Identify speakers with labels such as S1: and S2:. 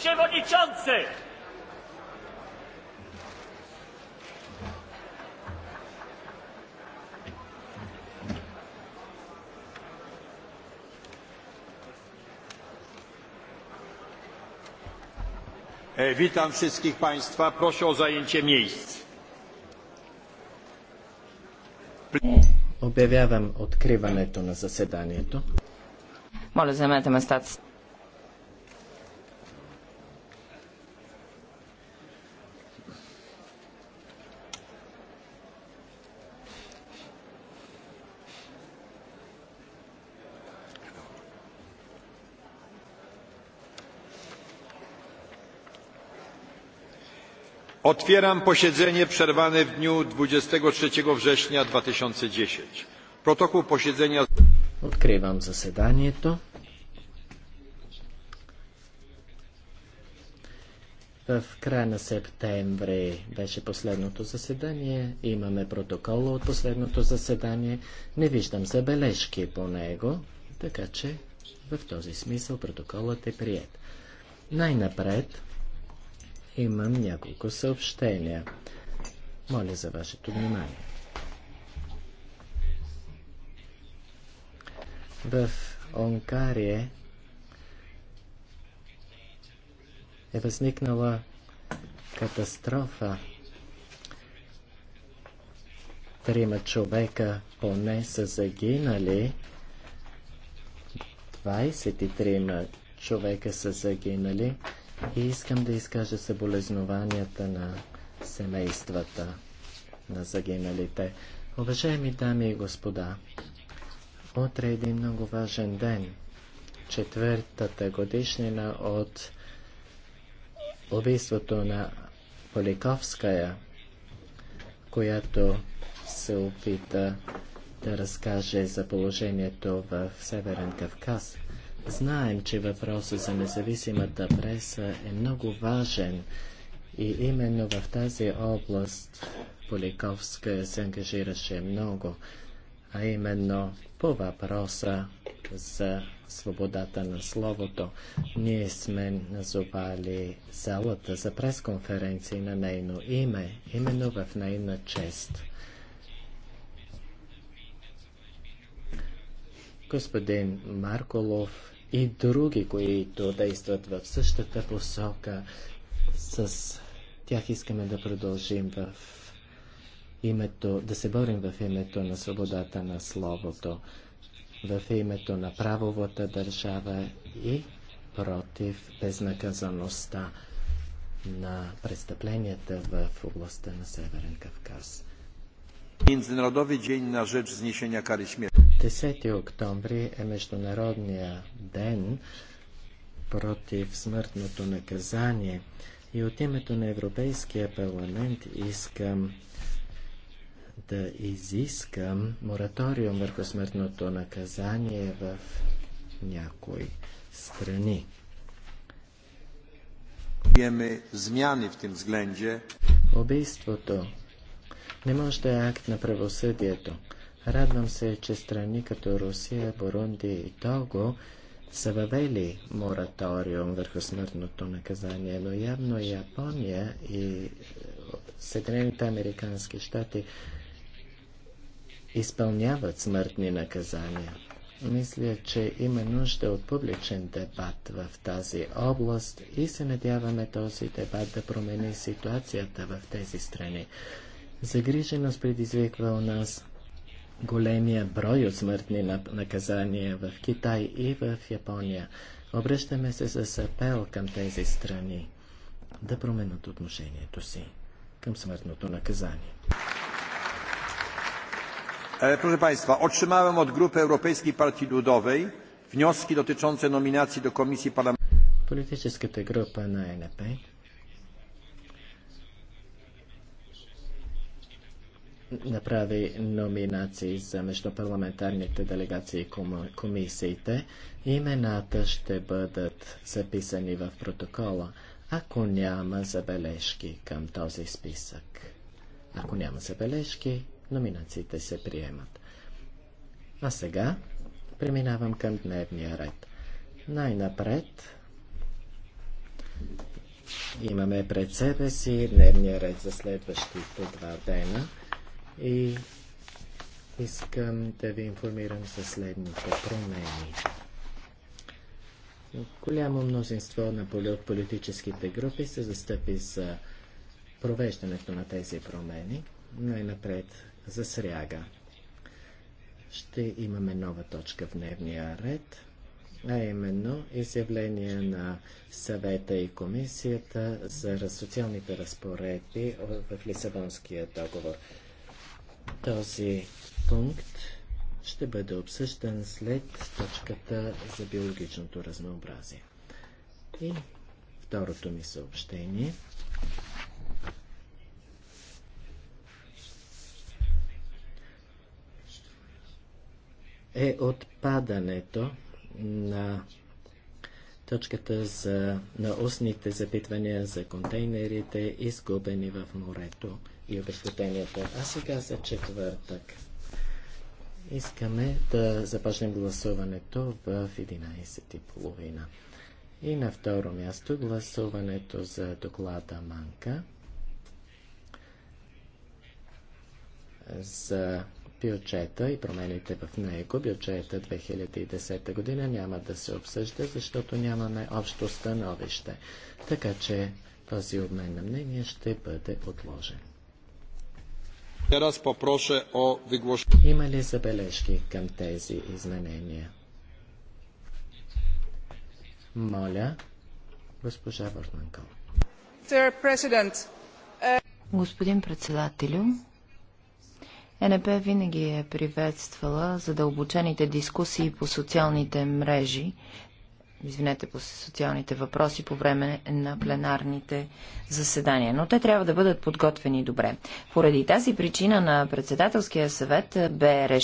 S1: przewodniczący!
S2: Witam wszystkich Państwa. Proszę o zajęcie miejsc.
S1: Objawiam odkrywane to na zasadanie to. заемете zamiatem си.
S2: Otwieram posiedzenie przerwane w dniu 23 września 2010. Protokół posiedzenia.
S1: Откривам заседанието. В края на септември беше последното заседание. Имаме протокола от последното заседание. Не виждам забележки по него, така че в този смисъл протоколът е прият. Най-напред имам няколко съобщения. Моля за вашето внимание. В Онкария е възникнала катастрофа. Трима човека поне са загинали. 23 човека са загинали. И искам да изкажа съболезнованията на семействата на загиналите. Уважаеми дами и господа, утре е един много важен ден. Четвъртата годишнина от убийството на Поликовская, която се опита да разкаже за положението в Северен Кавказ – Знаем, че въпросът за независимата преса е много важен и именно в тази област Поликовска се ангажираше много, а именно по въпроса за свободата на словото. Ние сме назовали залата за пресконференции на нейно име, именно в нейна чест. Господин Марколов и други, които действат в същата посока. С тях искаме да продължим в името, да се борим в името на свободата на словото, в името на правовата държава и против безнаказаността на престъпленията в областта на Северен Кавказ.
S2: Международен ден на Rzecz Zniesienia кари Śmierci.
S1: 10 октомври е Международния ден против смъртното наказание и от името на Европейския парламент искам да изискам мораториум върху смъртното наказание
S2: в някои страни. змяни в
S1: Убийството не може да е акт на правосъдието. Радвам се, че страни като Русия, Бурунди и Того са въвели мораториум върху смъртното наказание, но явно Япония и е, Съединените Американски щати изпълняват смъртни наказания. Мисля, че има нужда от публичен дебат в тази област и се надяваме този дебат да промени ситуацията в тези страни. Загриженост предизвиква у нас големия брой от смъртни наказания в Китай и в Япония. Обръщаме се с апел към тези страни да променят отношението си към смъртното наказание.
S2: Proszę Państwa, otrzymałem od Grupy Europejskiej Partii Ludowej wnioski dotyczące nominacji do Komisji Parlamentarnej.
S1: Polityczna grupa na NP направи номинации за междупарламентарните делегации и комисиите. Имената ще бъдат записани в протокола, ако няма забележки към този списък. Ако няма забележки, номинациите се приемат. А сега преминавам към дневния ред. Най-напред имаме пред себе си дневния ред за следващите два дена и искам да ви информирам за следните промени. Голямо мнозинство на политическите групи се застъпи за провеждането на тези промени. Най-напред за сряга. Ще имаме нова точка в дневния ред, а именно изявление на съвета и комисията за социалните разпоредби в Лисабонския договор. Този пункт ще бъде обсъждан след точката за биологичното разнообразие. И второто ми съобщение. е отпадането на точката за, на устните запитвания за контейнерите, изгубени в морето и обещетенията. А сега за четвъртък. Искаме да започнем гласуването в 11.30. И на второ място гласуването за доклада Манка за бюджета и промените в него, бюджета 2010 година няма да се обсъжда, защото нямаме общо становище. Така че този обмен на мнение ще бъде отложен. Има ли забележки към тези изменения? Моля, госпожа Върнанкъл. Е, Господин председателю, ЕНП винаги е приветствала задълбочените дискусии по социалните мрежи, извинете, по социалните въпроси по време на пленарните заседания. Но те трябва да бъдат подготвени добре. Поради тази причина на председателския съвет бе решен